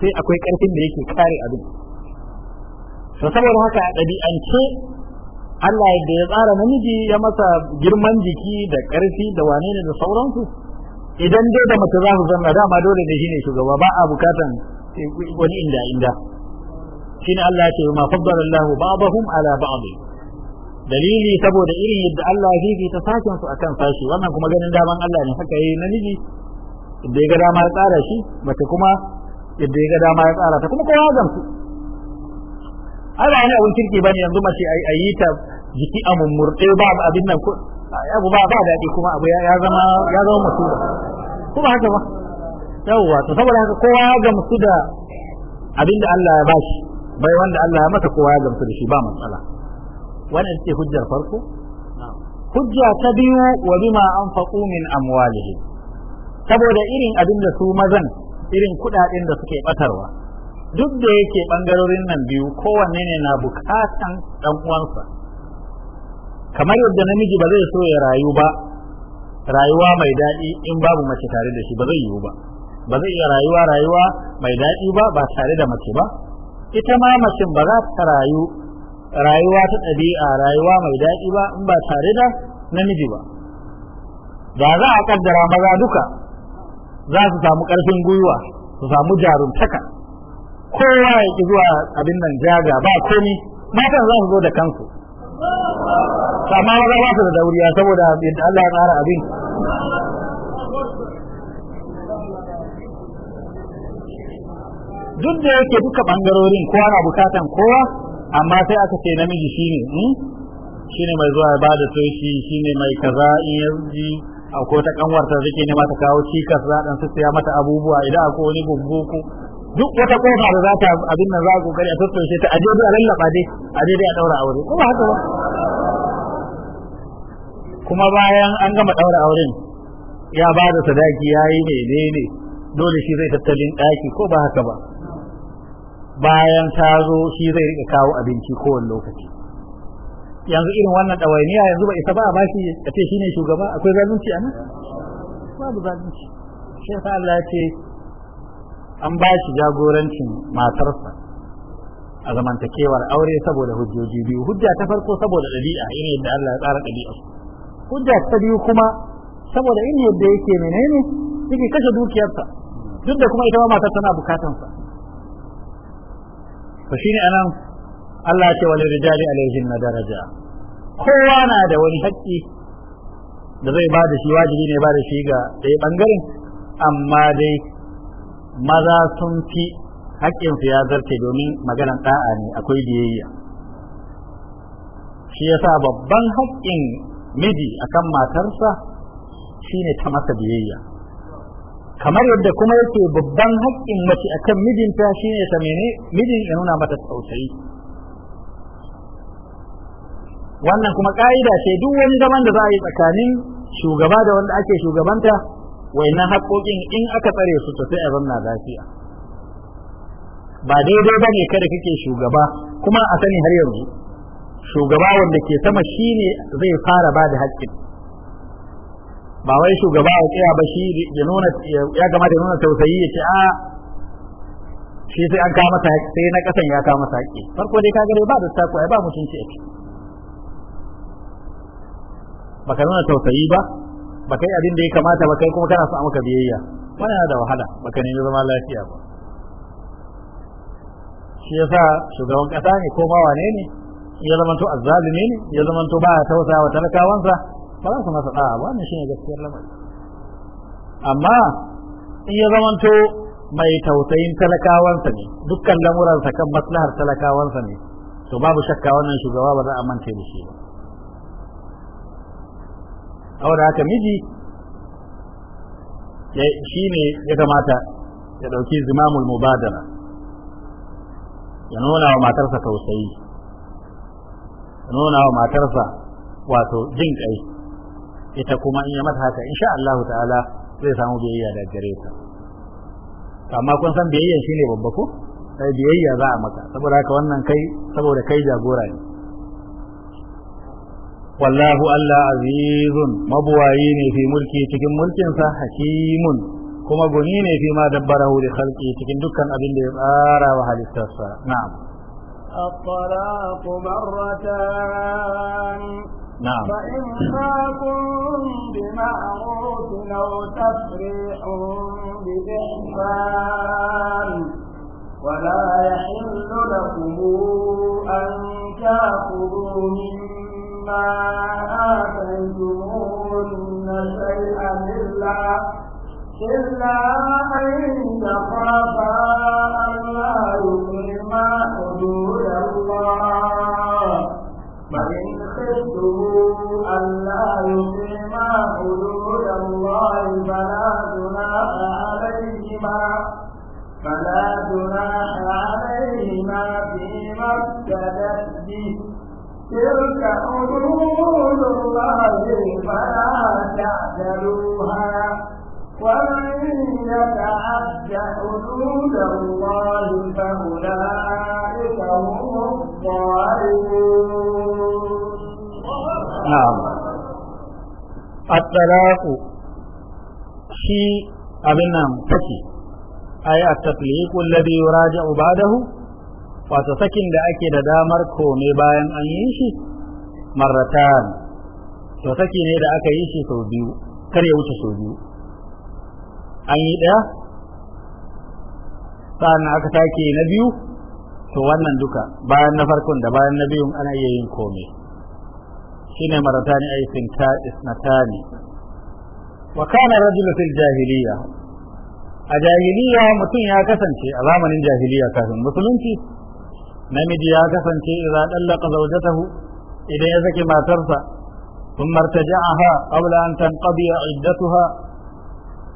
sai akwai ƙarfin da yake kare abin to saboda haka a ɗabi'ance Allah yadda ya tsara namiji ya masa girman jiki da ƙarfi da wane ne da sauransu idan dai da mace za su zanna dama dole ne shi ne shugaba ba a bukatan wani inda inda shine Allah ce ma faddala Allah ba'dahum ala ba'd dalili saboda irin yadda Allah ya fifita sashen su akan sashi wannan kuma ganin daman Allah ne haka yayi namiji yadda ya ga dama ya tsara shi mace kuma yadda ya ga dama ya tsara ta kuma kowa gamsu Allah ne abin kirki bane yanzu mace a yi ta jiki a mummurɗe ba abin nan ko abu ba ba daɗi kuma abu ya zama ya zama mutuwa kuma haka ba yawwa to saboda haka kowa ya gamsu da abinda Allah ya bashi bai wanda Allah ya masa kowa ya gamsu da shi ba matsala wannan ce hujjar farko hujja ta biyu wa bima anfaqu min amwalihi saboda irin abin da su mazan irin kudaden da suke batarwa duk da yake bangarorin nan biyu kowanne ne na bukatan dan uwansa kamar yadda namiji ba zai so ya rayu ba rayuwa mai daɗi in babu mace tare da shi ba zai yiwu ba ba zai iya rayuwa rayuwa mai daɗi ba ba tare da mace ba ita ma mace ba za ta rayu rayuwa ta ɗabi'a rayuwa mai daɗi ba in ba tare da namiji ba da za a kaddara maza duka za su samu ƙarfin gwiwa su samu jarumtaka kowa ya ki zuwa abin nan jaga ba komi matan za su zo da kansu amma maza ba su da dauriya saboda yadda Allah ya tsara abin duk da yake duka bangarorin kowa na bukatan kowa amma sai aka ce namiji shine hmm? shine mai zuwa ba da toshi shine mai kaza in yanzu akwai ta kanwarta zake ne mata kawo cikas za dan su siya mata abubuwa idan akwai wani gugguku duk wata kofa da za ta abin nan za a kokari a tattaushe ta aje dai a lallaba dai aje dai a daura aure ko ba haka ba kuma bayan an gama daura auren ya ba da sadaki ya yi ne, dole shi zai tattalin daki ko ba haka ba bayan ta zo shi zai rika kawo abinci kowane lokaci yanzu irin wannan ɗawainiya yanzu ba isa ba a bashi a ce shine shugaba akwai zalunci a nan babu zalunci shi yasa Allah ya ce an ba shi jagorancin matarsa a zamantakewar aure saboda hujjoji biyu hujja ta farko saboda ɗabi'a irin yadda Allah ya tsara ɗabi'a hujja ta biyu kuma saboda irin yadda yake menene yake kashe dukiyarsa duk da kuma ita ma matar tana bukatansa to shine anan Allah ya ce wal rijali na daraja kowa na da wani haƙƙi da zai ba da shi wajibi ne bada shi ga ɗaya ɓangaren amma dai maza sun fi haƙƙinsu ya zarce domin maganan ɗa'a ne akwai biyayya shi yasa babban haƙƙin miji akan matarsa shine ta masa biyayya kamar yadda kuma yake babban haƙƙin mace akan mijinta shine ta mene mijin ya nuna mata tausayi wannan kuma ƙa'ida ce duk wani zaman da za a yi tsakanin shugaba da wanda ake shugabanta wainan haƙoƙin in aka tsare su to sai a zamna lafiya ba daidai bane kada kake shugaba kuma a sani har yanzu shugaba wanda ke sama ne zai fara ba da haƙƙin ba wai shugaba ya tsaya ba shi ya nuna ya gama da nuna tausayi ya ce a ah, shi sai an kama masa sai na kasan ya kama ta haƙƙi farko dai ka gare ba da sako ai ba mutunci ake baka nuna tausayi ba baka yi abin da ya kamata ba kai kuma kana so a maka biyayya wannan yana da wahala baka nemi zama lafiya ba shi yasa shugaban kasa ne ko ma wane ne ya to azzalimi ne ya zamanto baya tausayawa talakawansa ba su masa da'a ba wannan shine gaskiyar lamari amma in ya zamanto mai tausayin talakawansa ne dukkan lamuransa kan maslahar talakawansa ne to babu shakka wannan shugaba ba za a mance da shi ba saboda haka miji shi ne ya kamata ya ɗauki zimamul mubadala ya nuna wa matarsa tausayi ya nuna wa matarsa wato jin ƙai ita kuma in yi mata haka sha Allah ta'ala zai samu biyayya da gare ta amma kun san biyayya ne babba ko sai biyayya za a maka saboda haka wannan kai saboda kai jagora ne wallahu Allah azizun mabuwayi ne fi mulki cikin mulkinsa hakimun kuma goni ne fi ma dabbarahu da khalqi cikin dukkan abin da ya tsara wa halittarsa na'am الطلاق مرتان نعم فإمساك بمعروف أو تفريح بإحسان ولا يحل لكم أن تأخذوا مما آتيتموهن شيئا إلا إلا أن تخافا أن لا يقيما حدود الله فإن أن لا يقيما حدود الله فلا جناح عليهما فلا جناح عليهما فيما ابتدت به تلك حدود الله فلا تعتلوها ومن يتعد حدود الله فأولئك هم الظالمون نعم الطلاق في أبنا فكي أي التطليق الذي يراجع بعده wato sakin da ake da damar kome bayan an yi shi marratan to saki ne da aka yi shi sau biyu kar ya wuce sau biyu an yi ɗaya sa'an aka take na biyu to wannan duka bayan na farkon da bayan na biyun ana iya yin komai shine maratani ay sinta isnatani wa kana rajulu fil jahiliya a jahiliya mutum ya kasance a zamanin jahiliya kafin musulunci namiji ya kasance idza dallaqa zawjatahu idan ya saki matarsa ثم ارتجعها قبل أن تنقضي عدتها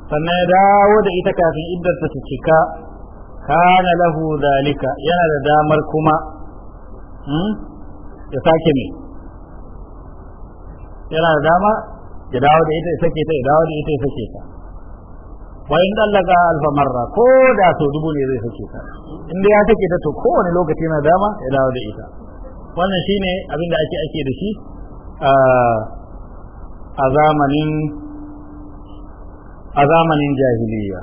sannan ya dawo da ita kafin iddarta ta cika kana lahu zalika yana da damar kuma hmm, ya sake ne yana da dama ya dawo da ita ya sake ta ya dawo da ita ya sake ta wa in dallaka alfa marra ko da so dubu ne zai sake ta in dai ya sake ta to kowane lokaci yana dama ya dawo da ita wannan shine abin da ake ake da shi ah, a zamanin a zamanin jahiliya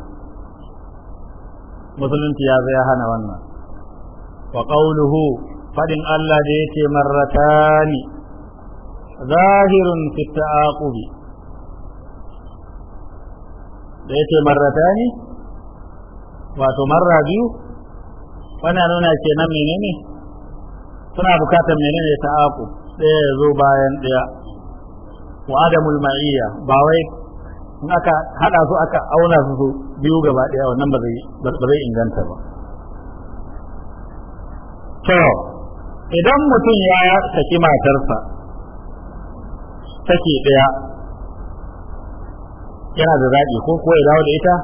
musulunci ya zai hana wannan wa qawluhu faɗin Allah da yake marratani zahirun fi ta'aqubi da yake marratani wato marra biyu wannan nuna kenan menene suna bukatar menene ta aku? ɗaya ya zo bayan ɗaya wa adamul ma'iyya ba wai in aka hada su aka auna su biyu gaba daya wannan ba zai ba zai inganta ba to idan mutum ya saki matarsa take daya yana da zaɓi ko ko ya dawo da ita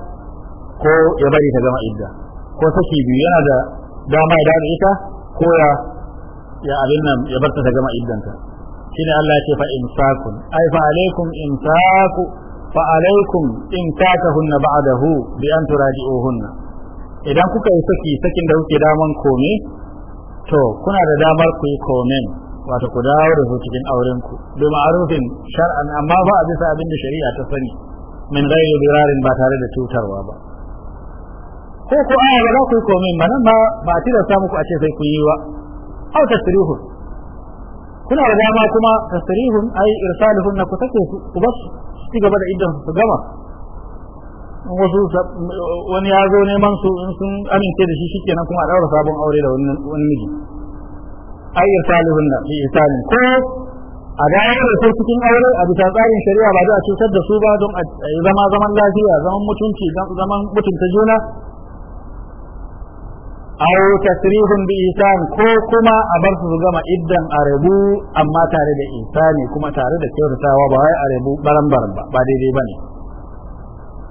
ko ya bari ta gama idda ko saki biyu yana da dama ya dawo da ita ko ya ya abin nan ya bar ta gama iddanta shine Allah ya ce fa insakun ay fa alaikum insaku فعليكم إمساكهن بعده بأن تراجعوهن idan kuka yi saki sakin da kuke daman kome to kuna da damar ku yi komen wato ku dawo da su cikin auren ku bi ma'arufin amma ba a bisa abinda shari'a ta sani birarin ba tare da cutarwa ba ko ko aya ba ku yi komen ba nan ba ba tira samu ku a ce sai ku yi wa au tasrihun kuna da dama kuma tasrihun ai irsaluhun na ku sake su ku basu ci gaba da idan su gama wasu wani ya zo neman su in sun amince da shi shikenan kuma a daura sabon aure da wani miji ai irsalihun da shi irsalin ko a dayar da sai cikin aure a bisa tsarin shari'a ba za a cutar da su ba don a zama zaman lafiya zaman mutunci zaman mutunta juna aw tasrihun bi ihsan ko kuma a bar su gama iddan arabu amma tare da ihsani kuma tare da kyautatawa ba wai arabu baran baran ba ba daidai bane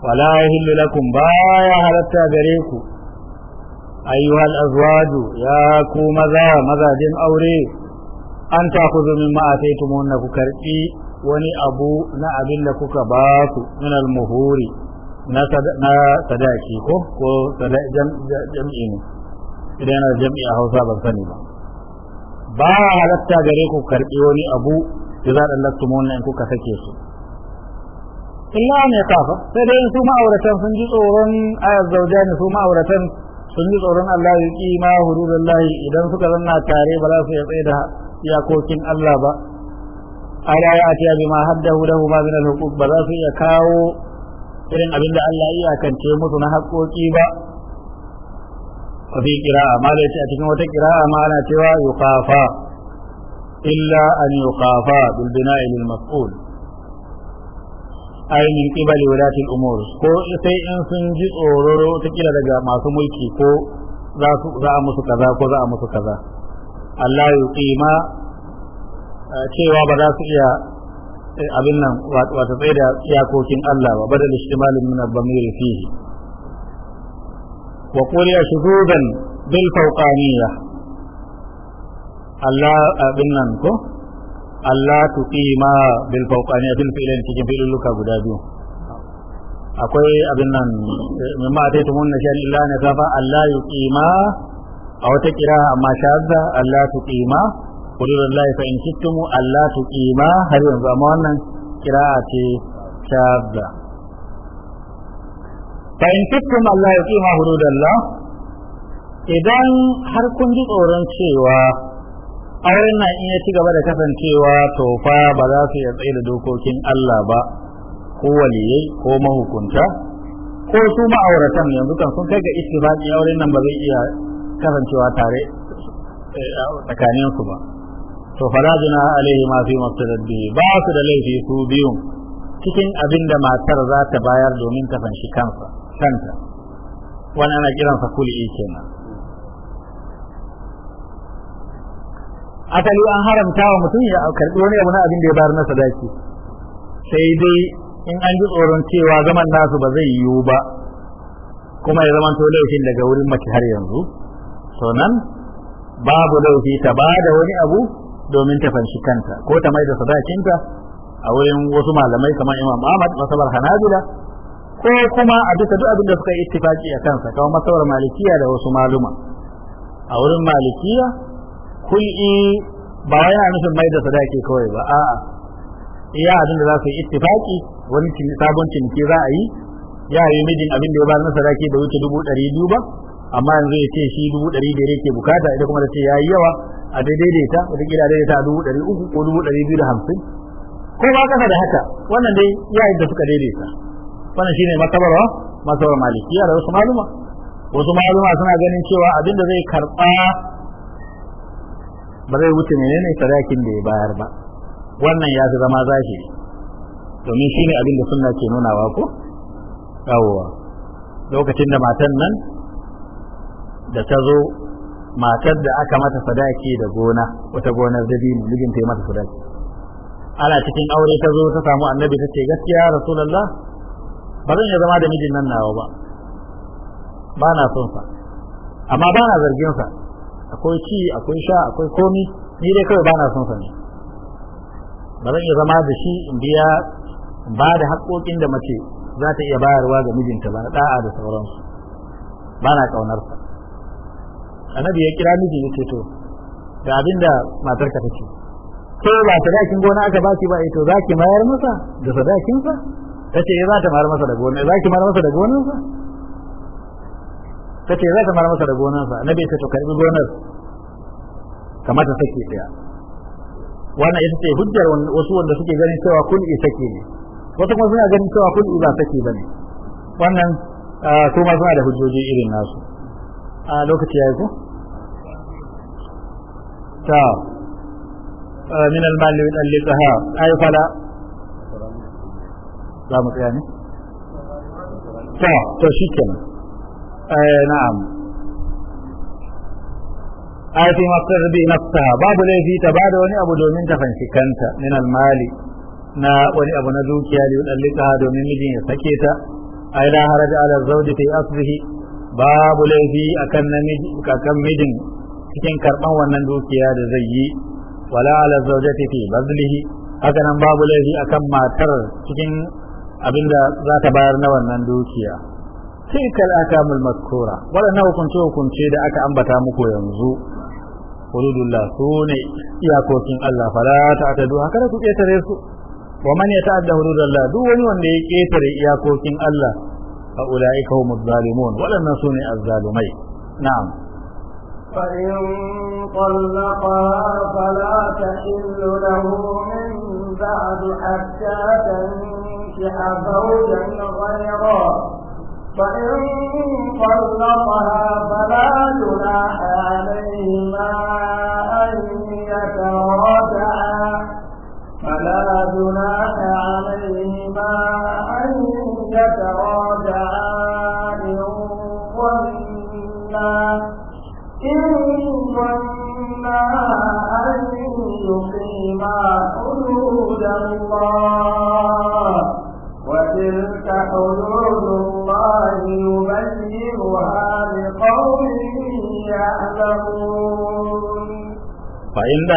wala yahillu lakum baya halatta gare ku ayyuha azwaju ya ku maza mazajen aure an takhudhu mimma ataytumunna ku karbi wani abu na abin da kuka ba su min muhuri na sadaki ko ko idan yana jam'i a hausa ban sani ba ba halatta gare ku karɓi wani abu da za a lasta wannan in kuka sake su illa ne kafa sai dai su ma'auratan sun ji tsoron ayar zaujani su ma'auratan sun ji tsoron Allah ya ki ma idan suka zanna tare ba za su ya tsaye da iyakokin Allah ba ala ya atiya bima haddahu lahu ma min al-huquq ba za su iya kawo irin abin da Allah ya iyakance musu na haƙoƙi ba Wafi وفي قراءة ما ليس أتكن وتقراءة ما أنا سوى يخافا إلا أن يخافا بالبناء للمسؤول ai min qibali wulatil umur ko sai in sun ji tsororo ta kila daga masu mulki ko za a musu kaza ko za a musu kaza Allah ya ƙima cewa ba za su iya eh, abin nan wata tsaye da iyakokin Allah ba badal istimalin min al-bamir fihi وقرئ شذوذا بالفوقانية الله أبننكو Allah tuqima bil fawqaniya bil fi'lan cikin fi'luka guda biyu akwai abin nan mimma ta tumun na shan illa na kafa Allah yuqima a wata kira amma shazza Allah tuqima qulillahi fa in kittumu Allah har yanzu amma wannan ce shazza fa in Allah ya da Allah. idan har kun ji tsoron cewa auren na iya ci gaba da kasancewa to fa ba za su yi tsaye da dokokin Allah ba ko waliyai ko mahukunta ko su ma'auratan yanzu kan sun kai ga ittifaqi auren nan ba zai iya kasancewa tare tsakanin su ba to fala jina alaihi ma fi mustaddi ba su da laifi su biyun cikin abin da matar za ta bayar domin kasance kansa kanta wani ana kiransa kul'i kenan asali an haramta wa mutum ya karbi wani abu na abin da ya bayar na sadaki sai dai in an ji tsoron cewa zaman nasu ba zai yiwu ba kuma ya zamanto laifin daga wurin mace har yanzu to nan babu laifi ta ba da wani abu domin ta fanshi kanta ko ta mai da sadakinta a wurin wasu malamai kamar imam ahmad masabar hanabila ko kuma a bisa duk abin da suka yi ittifaki a kansa kawo masawar malikiya da wasu maluma a wurin malikiya yi ba wai yana nufin mai da sadaki kawai ba a'a iya abin da za su yi ittifaki wani sabon ciniki za a yi ya yi mijin abin da ya bayar na sadaki da wuce dubu ɗari biyu ba amma yanzu ya ce shi dubu ɗari da yake bukata ita kuma da ce ya yi yawa a daidaita wata daidaita a dubu ɗari uku ko dubu ɗari biyu da hamsin ko ba kasa da haka wannan dai ya yi da suka daidaita wannan shine wa masabar malikiya da wasu maluma wasu maluma suna ganin cewa abin da zai karba ba zai wuce menene sadakin da ya bayar ba wannan ya zama zama zahiri domin shine abin da sunna ke nunawa ko yawwa lokacin da matan nan da ta zo matar da aka mata sadaki da gona wata gonar dabino mijinta ya mata sadaki ana cikin aure ta zo ta samu annabi ta ce gaskiya rasulullah ba zan iya zama da mijin nan nawa ba ba na son sa amma ba na zargin sa akwai ci akwai sha akwai komi ni dai kawai ba na son sa ne ba zan iya zama da shi in biya ba da haƙoƙin da mace za ta iya bayarwa ga mijinta ba da'a da sauransu ba na ƙaunar sa annabi ya kira miji ya ce to ga abin da matar ka take ko ba sadakin gona aka baki ba eh to zaki mayar masa da sadakin sa ta ce za ta mara masa da gona za ki mara masa da gonarsa ta ce za ta mara masa da gonarsa na bai ta to karbi gonar kamar ta sake tsaya wannan ita ce hujjar wasu wanda suke ganin cewa kun i sake ne wasu kuma suna ganin cewa kun i ba sake ba ne wannan kuma suna da hujjoji irin nasu a lokaci ya yi ko ta min al-mal yu'allifha ay fala za mu tsaya ne to eh, na'am babu laifi ta da wani abu domin ta kanta min almali na wani abu na dukiya da yudallika domin mijin ya sake ta ai la haraja ala babu laifi akan namiji kakan mijin cikin karban wannan dukiya da zai yi wala ala zawjati fi bazlihi haka nan babu laifi akan matar cikin abinda za ta bayar na wannan dukiya sai al-akamul mazkura waɗannan hukunce hukunce da aka ambata muku yanzu hududullah ne iyakokin Allah fala ta'tadu haka da ku ƙetare su wa man yata'adda hududallah duk wani wanda ya ƙetare iyakokin Allah fa ulaika humuz zalimun su ne azzalumai na'am فإن طلقها فلا تحل له من بعد حتى تنكح ينكح زوجا غيره فإن طلقها فلا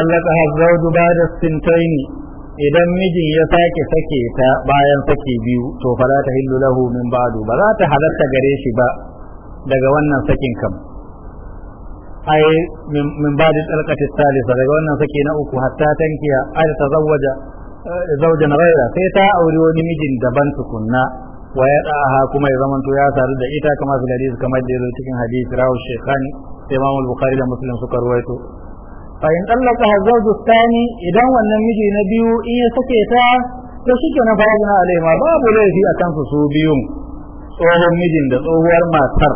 tallaqaha az da ba'da sintaini idan mijin ya sake sake ta bayan sake biyu to fa la tahillu lahu min ba'du ba za ta halatta gare shi ba daga wannan sakin kam ai min ba'di talqati salisa daga wannan sake na uku hatta tankiya ai tazawwaja eh, zawjan ghayra sai ta aure wani mijin daban tukunna wa ya daha kuma ya zamanto ya sadu da ita kamar su hadisi kamar da cikin hadisi rawu shekhani sai Imam Bukhari da Muslim suka ruwaito fa in tallaka hazawju idan wannan miji na biyu in ya sake ta to shike na fa'ina alaima babu laifi a kansu su biyun tsohon mijin da tsohuwar matar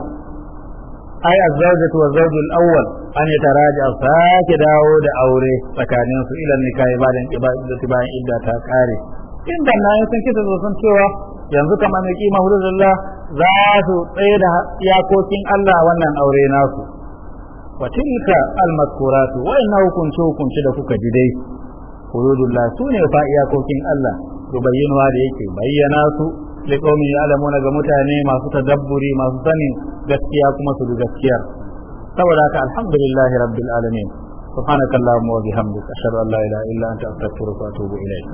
ai azzawjatu wa zawjul awwal an yataraja sake dawo da aure tsakanin su ila nikahi bayan ibadati bayan idda ta kare inda na yi sun kita sun cewa yanzu kamar mai kima hudurullah za su tsaye da iyakokin Allah wannan aure nasu wa tilka al-mazkurat wa inna hukunce hukunce da kuka ji dai hududullah sune fa iyakokin Allah rubayyinuwa da yake bayyana su liqaumin ya'lamuna ga mutane masu tadabburi masu zanin gaskiya kuma su gaskiya saboda haka alhamdulillahi rabbil alamin subhanakallahumma wa bihamdika ashhadu an la ilaha illa anta astaghfiruka wa atubu ilayk